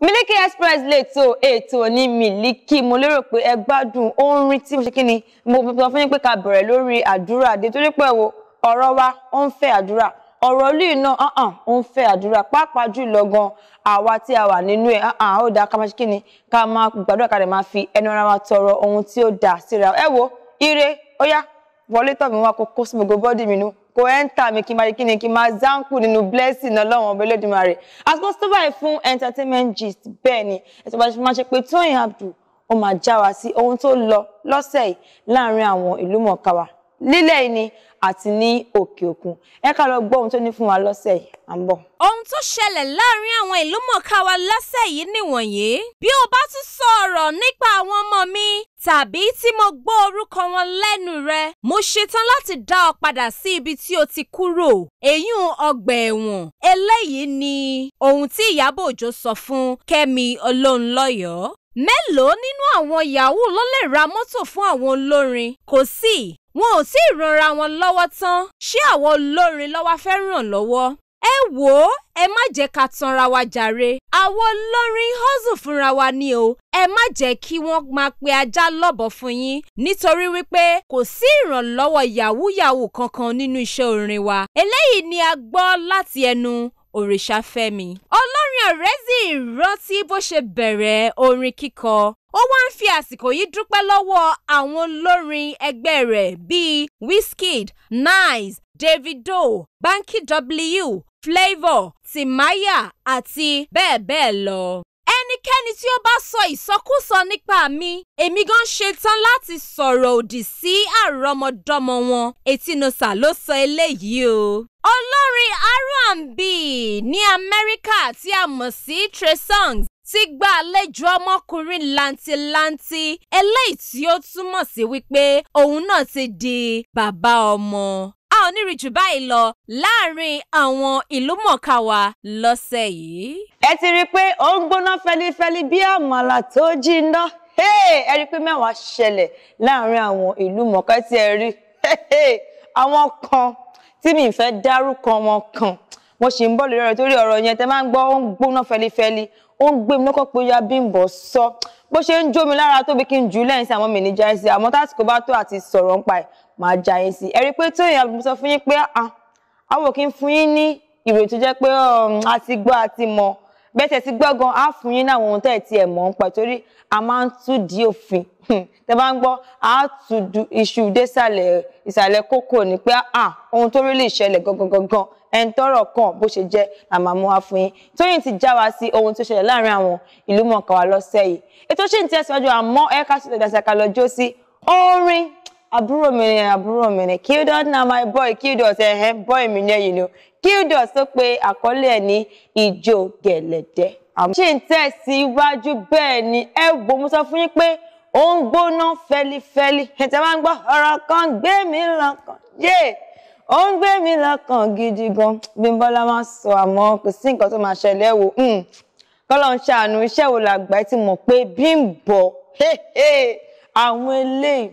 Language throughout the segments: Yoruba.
Miliki Express lè tó ètò ní Miliki mo lérò pé ẹ gbádùn orin tí mo ṣe kí ni mo sọ fún yín pé ká bẹ̀rẹ̀ lórí àdúrà dé torí pé wo ọ̀rọ̀ wa ó ń fẹ́ àdúrà ọ̀rọ̀ olú iná hàn ó ń fẹ́ àdúrà pàápàá jùlọ gan àwa tí a wà nínú ẹ̀ hàn uh-uh, ó dáa ká máa ṣe kí ni ká máa gbàdúrà ká lè máa fi ẹnu ara wa tọrọ ohun tí ó dáa síra ẹ wo ire ó yá wọlé tọ̀ mí wá kó kó sí gbogbo bọ́dì mi nú kò ẹ́ńtà mi kí n máa yí kíni kí n máa zánkù nínú blessing ọlọ́run ọba Olódùmarè àsìkò tó fún entertainment gist bẹ́ẹ̀ ni ẹ̀sọ́ bá ṣe máa ṣe pé Tóyìn Abdul ó máa já wa sí ohun tó lọ lọ́sẹ̀ yìí láàrin àwọn ìlú mọ̀ọ́ká wa lílẹ̀ yìí ni àti ní òkè òkun ẹ ká lọ gbọ́ ohun tó ní fún wa lọ́sẹ̀ yìí à ń bọ̀. ohun tó ṣẹlẹ̀ láàrin àwọn ìlú mọ̀ọ́ká wa lọ́sẹ̀ yìí nìwọ̀nyí bí o bá tún sọ ọ̀rọ̀ nípa àwọn ọmọ mi tàbí tí mo gbọ́ orúkọ wọn lẹ́nu rẹ mo ṣetán láti dá ọ padà sí ibi tí o ti kúrò èyún ọgbà ẹ̀wọ̀n eléyìí ni ohun tí Ìyábọ̀ Òjó sọ fún Kẹ́mi Olóńlọ́yọ̀ọ́ mélòó nínú àwọn yahoo ló lè ra mọ́tò fún àwọn olórin kò sí wọn ò tí ì ranra wọn lọ́wọ́ tán ṣé àwọn olórin ló fẹ́ ràn lọ́wọ́ ẹ wò ó ẹ má jẹ́ ká tanra wa jàre àwọn olórin hustle fúnra wa ni o ẹ má jẹ́ kí wọ́n máa pe ajá lọ́bọ̀ fún yín nítorí wípé kò sí ìrànlọ́wọ́ yahoo yahoo kankan nínú iṣẹ́ orin wa eléyìí ni a gbọ́ láti ẹnu òrìṣàfẹ́mi. olórin ọ̀rẹ́zì rántí bó ṣe bẹ̀rẹ̀ orin kíkọ ó wá ń fi àsìkò yìí dúpẹ́ lọ́wọ́ àwọn olórin ẹgbẹ́ rẹ̀ bíi Wizkid Nice Davido Banky W flavour timaya àti bẹ́ẹ̀ bẹ́ẹ̀ lọ ẹnikẹ́ni tí ó bá sọ ìsọkúsọ nípa mi èmi gan ṣetán láti sọ̀rọ̀ òdì sí àrọ́mọdọ́mọ wọn Etinosa ló sọ eléyìí o. olórin R&B ní Amẹ́ríkà tí a mọ̀ sí Trey Songz ti gba àlejò ọmọkùnrin làǹtìlanti eléyìí tí ó túmọ̀ sí wípé òun náà ti di bàbá ọmọ a ò ní rí jù báyìí lọ láàrin àwọn ìlúmọ̀ọ́ká wa lọ́sẹ̀ yìí. ẹ ti rí i pé ó ń gbóná fẹlifẹli bí àmàlà tó jiná ẹ rí i pé mẹ́wàá ṣẹlẹ̀ láàrin àwọn ìlúmọ̀ọ́ká tí ẹ rí àwọn kan tí mi fẹ́ dárúkọ wọn kan mo sì ń bọ̀ lórí ọ̀rọ̀ torí ọ̀rọ̀ yẹn tẹ máa ń gbọ́ ó ń gbóná fẹlifẹli ó ń gbé mi lọ́kọ̀ pé ya Bímbọ́ sọ bó ṣe ń jó mi lára tóbi kí n jù lẹ́yìn sí àwọn mìíní jáì sí àmọ́ tásìkò bá tó àti sọ̀rọ̀ ń pa ẹ̀ máa já yín sí ẹ rí i pé tó èèyàn mo sọ fún yín pé àwọn kì í fún yín ní ìròyìn tó jẹ́ pé um, a ti gbọ́ a ti mọ̀ bẹ́tẹ̀ ti gbọ́ gan á fún yín láwọn ohun tẹ́ ẹ̀ ti ẹ̀ mọ̀ ń pa torí a máa ń tú di òfin tẹ́ bá ń gbọ́ á tú iṣu désàlẹ̀ ìsàlẹ̀ kókò ní pé ohun tó rí lè ṣẹlẹ̀ gangan gangan ẹni tọ́rọ̀ kàn bó ṣe jẹ́ àmọ́ mú wá fún yín Tóyìn ti já wa sí ohun tó ṣẹlẹ̀ láàrin àwọn ìlú mọ̀ọ́ká wa lọ́sẹ̀ yìí ètò ṣì ń tẹ̀síwájú àmọ́ ẹ̀ka ṣètò ìdásàkà lọ́jọ́ sí orin àbúrò mi ni àbúrò mi ni Qdot na my boy Qdot ẹ̀hẹ́ boy mi lẹ́yìn ni o Qdot sọ pé àkọlé ẹ̀ ní ìjó gẹ̀lẹ̀dẹ́. ṣé ń tẹ̀síwájú bẹ́ẹ̀ ni ẹ wo mo sọ fún yín pé ó ń gbóná fẹlifẹli ẹ̀tẹ̀ máa ń gbọ́ ọ̀rọ̀ kan gbé mi lọ́kàn yé ó ń gbé mi lọ́kàn gidi gan Bímbọ́lá máa sọ àmọ́ kò sí nǹkan tó máa ṣẹlẹ̀ wò hmm, kọ́lọ́ ń ṣàánú iṣẹ́ wo làgbà tí mọ̀ pé Bímbọ́ àwọn eléyìí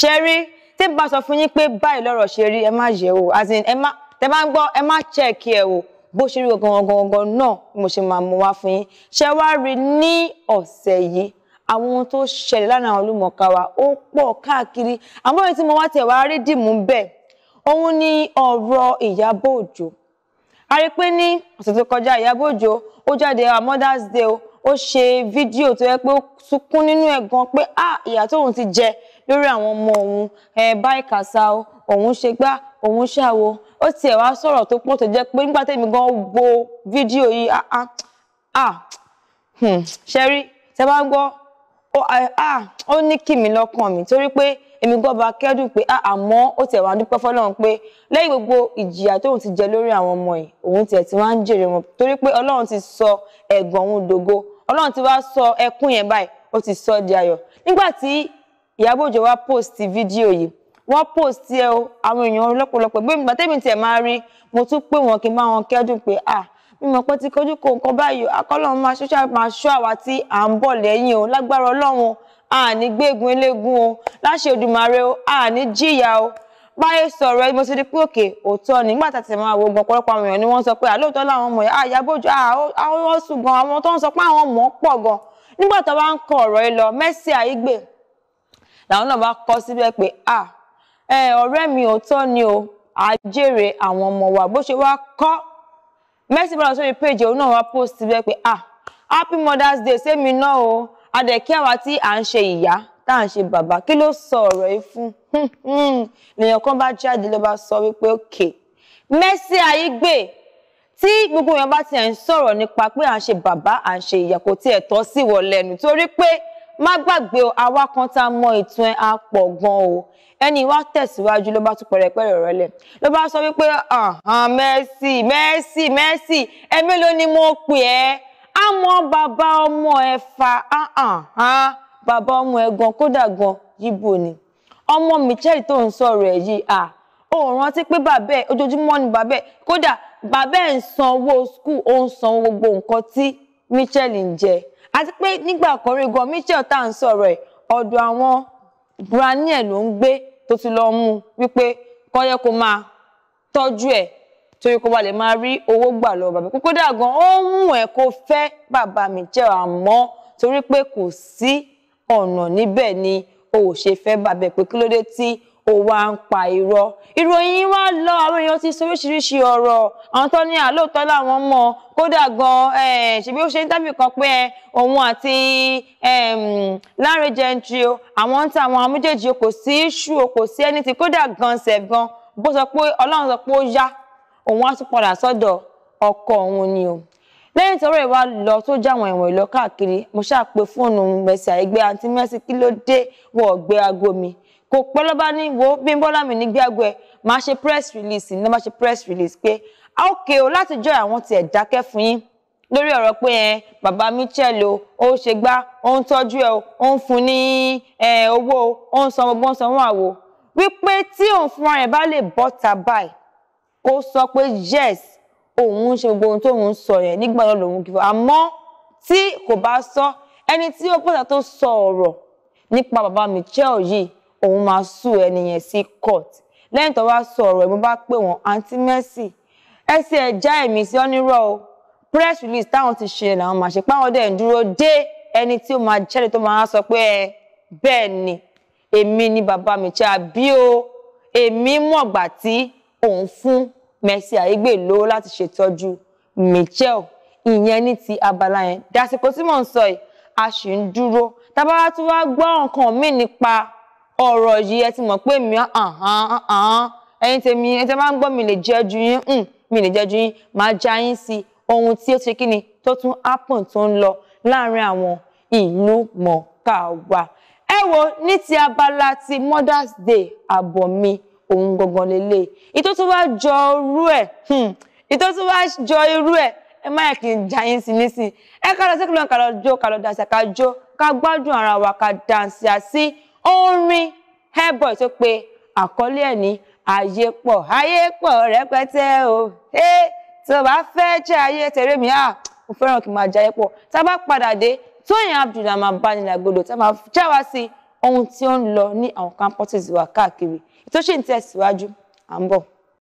ṣe rí tí bá sọ fún yín pé báyìí lọ́rọ̀ ṣe rí ẹ má yẹ o as in ẹ má tẹ bá ń gbọ́ ẹ má check ẹ o bó ṣe rí gangan gangan náà mo ṣe máa mú wá fún yín ṣe wá rí ní ọ̀sẹ̀ yìí àwọn ohun tó ṣẹlẹ̀ lánàá olùmọ̀ọ́ká wa ó pọ̀ káàkiri àmọ́ èyí tí mo wá tẹ̀ wá rí dìmú bẹ́ẹ̀ òun ni ọ̀rọ̀ Ìyábọ̀ Òjó a rí pé ní ọ̀sẹ̀ tó kọjá Ìyábọ̀ Òjó ó jáde our ah, mother's day o ó ṣe fídíò tó yẹ pé ó sunkún nínú ẹ̀ gan pé ah ìyà tóun ti jẹ lórí àwọn ọmọ òun ẹ báyìí kàṣà o òun ṣe gbá òun ṣàwo ó tiẹ̀ wá sọ̀rọ̀ tó pọ̀ tó jẹ́ pé nígbà tẹ́mi gan wo fídíò yìí ah hmm, ah ah ṣẹ́rí tẹ́ bá ń gbọ́ ó ní kìmí lọ́kàn mi torí pé èmi gbọ́ bá kẹ́dùn pé àmọ́ ó tiẹ̀ wá dúpẹ́ fọlọ́run pé lẹ́yìn gbogbo ìjìyà tóun ti jẹ lórí àwọn ọmọ yìí òun tiẹ̀ ti wá ń jèrè wọn torí pé ọlọ́run ti sọ ẹ̀gbọ́n òun dògo ọlọ́run ti wá sọ ẹkún yẹn báyìí ó ti sọ di ayọ̀ nígbà tí Ìyábọ̀ Òjó wá post fídíò yìí wọ́n post ẹ o àwọn èèyàn lọ́pọ̀lọpọ̀ gbé mi bàtẹ́mi tiẹ̀ máa rí mo tún pè wọ́n kí n bá wọn kẹ́dùn pé à mímọ pé ti kojú kó nǹkan báyìí akọ́lọ́ máa ṣọ́ṣà máa ṣọ́ àwa tí à ń bọ̀ lẹ́yìn o lágbára ọlọ́run à ní eléegun o láṣẹ Èdùmàrè o à jìyà o báyé sọ̀rọ̀ ẹni mo ti di pé òkè òótọ́ ni nígbà tàbí máa wo gbọ́n pọ̀lọpọ̀ àwọn èèyàn ni wọ́n sọ pé àlóòótọ́ làwọn ọmọ yẹn àyàbójú àwọn sùn gan àwọn tó ń sọ pé àwọn ọmọ pọ̀ gan nígbà tó bá ń kọ ọ̀rọ̀ yìí lọ Mercy Aigbe làwọn náà bá kọ síbẹ̀ pé à ẹ ọ̀rẹ́ mi òótọ́ ni o àjèrè àwọn ọmọ wa bó ṣe wá kọ́ Mercy bá lọ sórí péjì òun náà wá post síbẹ̀ pé à Happy Mother's Day sẹ́mi náà o adẹ̀kí àwa tí à ń ṣe ìyá tá à ń ṣe bàbá kí ló sọ ọ̀rọ̀ yìí fún lèèyàn hmm, hmm. kan bá jáde ló bá sọ wípé òkè Mercy Aigbe tí gbogbo èèyàn bá ti ẹ̀ ń sọ̀rọ̀ nípa pé à ń ṣe bàbá à ń ṣe ìyá kò tiẹ̀ tọ́ sí wọ̀ torí pé má gbàgbé o àwa kan tá a mọ ìtàn ẹ̀ á pọ̀ gan o ẹni wá tẹ̀síwájú ló bá tún pẹ̀rẹ̀pẹ̀ rẹ̀ lẹ̀ ló bá sọ wípé Mercy Mercy Mercy ẹ mélòó ni mo pè ẹ́ àmọ́ bàbá ọmọ ẹ̀ fà á bàbá ọmọ ẹ gan kódà gan yíbo ni ọmọ Michelle tó ń sọ̀rọ̀ ẹ̀ yìí à ó rántí pé bàbá ẹ̀ ojoojúmọ́ ni bàbá ẹ̀ kódà bàbá ẹ̀ ń san owó skul ó ń san gbogbo nǹkan tí Michelle ń jẹ àti pé nígbà àkọ́rí gan Michelle tá à ń sọ̀rọ̀ ẹ̀ ọ̀dọ̀ àwọn granny ẹ̀ ló ń gbé tó ti lọ mú wípé kọ́ yẹ kó máa tọ́jú ẹ̀ torí kó ba lè máa rí owó gbà lọ bàbá kókó dàgbọn ó ń mú ẹ kó fẹ́ bàbá Michelle àmọ́ torí pé kò sí ọ̀nà níbẹ̀ ni o ò ṣe fẹ́ bàbẹ̀ pé kí ló dé tí ó wá ń pa irọ́ ìròyìn wá lọ àwọn èèyàn ti sọ oríṣiríṣi ọ̀rọ̀ àwọn tó ní àlóòótọ́ làwọn mọ̀ kódà gan ṣebí ó ṣe ń dábì kan pé òun àti Lanre Gentry o àwọn ń ta àwọn amújèjì o kò sí iṣu o kò sí ẹni tí kódà gan sẹf gan bó sọ pé Ọlọ́run sọ pé ó yá òun á tún padà sọ́dọ̀ ọkọ òun ni o lẹ́yìn tọrọ ìwà lọ tó jáwọn ẹ̀wọ̀n ìlọ káàkiri mo ṣáà pe fóònù Mercy àìgbé àǹtí Mercy kí ló dé wọ ọgbẹ aago mi kò pẹ́ ló ní wo Bímbọ́lá mi ní gbẹ́gbẹ́ máa ṣe press release ní máa ṣe press release pé ókè ah, o láti jọ àwọn tiẹ̀ dákẹ́ fún yín lórí ọ̀rọ̀ pé ẹ bàbá Michel o ó ṣe gbá ó ń tọ́jú ẹ o ó ń fún ní owó o ó ń san gbogbo ń san wọn àwo wípé tí òun fúnra rẹ̀ bá lè bọ́ta báyìí kó sọ pé yes òun ń ṣe gbogbo ohun tóun ń sọ yẹn nígbà náà lòun kìfọ àmọ́ tí kò bá sọ ẹni tí ó pàtàkì tó sọ ọ̀rọ̀ nípa bàbá Michel yìí òun máa sú ẹni yẹn sí court lẹ́yìn tó wá sọ ọ̀rọ̀ ẹ̀ bá pè wọ́n àǹtí Mercy ẹ sì ẹ̀ sí ọ́nírọ̀ o press release táwọn ti ṣe làwọn máa ṣe páwọn dẹ̀ ń dúró dé ẹni tí ó máa jẹ́rìí tó máa sọ pé ẹ bẹ́ẹ̀ ni èmi ni bàbá Michel àbí o èmi mọ̀gbà tí òun fún Mercy Aigbe lówó láti ṣètọ́jú Michel ìyẹn ní ti abala yẹn dásìkò tí mò ń sọ yìí a sì ń dúró tábà wá tún wá gbọ́ nǹkan míì nípa ọ̀rọ̀ yìí ẹ ti mọ̀ pé mi ah, ah, ah, ẹ̀yin tèmi ẹ ti máa ń gbọ́ mi lè jẹ́ ju yín hmm, mi lè jẹ́ ju yín máa já yín sí ohun tí ó ṣe kí ni tó tún happen tó ń lọ láàárín àwọn ìlú mọ̀ọ́ká wa ẹ wo ní ti abala ti Mother's Day àbọ̀ mi òun gangan lélẹ̀ ìtò tó wá jọ irú ẹ̀ hmm, ìtò tó wá jọ irú ẹ̀ ẹ má yẹ kí n jà yín sí nísìn ẹ ká lọ sẹ́kùlọ̀ ká lọ jó ká lọ dànsì ká jó ká gbádùn ara wa ká dànsì àsí orin Hairboy tó pe àkọlé ẹ̀ ní ayé pọ̀ ayé pọ̀ rẹpẹtẹ o tó bá fẹ́ jẹ́ ayé tẹ̀rẹ́ mi ah, mo fẹ́ràn kí n máa jayé pọ̀ tá a bá padà dé Tóyìn Abdul la tá a máa já sí ohun tí ó ń lọ ní àwọn campuses wa káàkiri tó ṣì ń tẹ̀síwájú à ń bọ̀.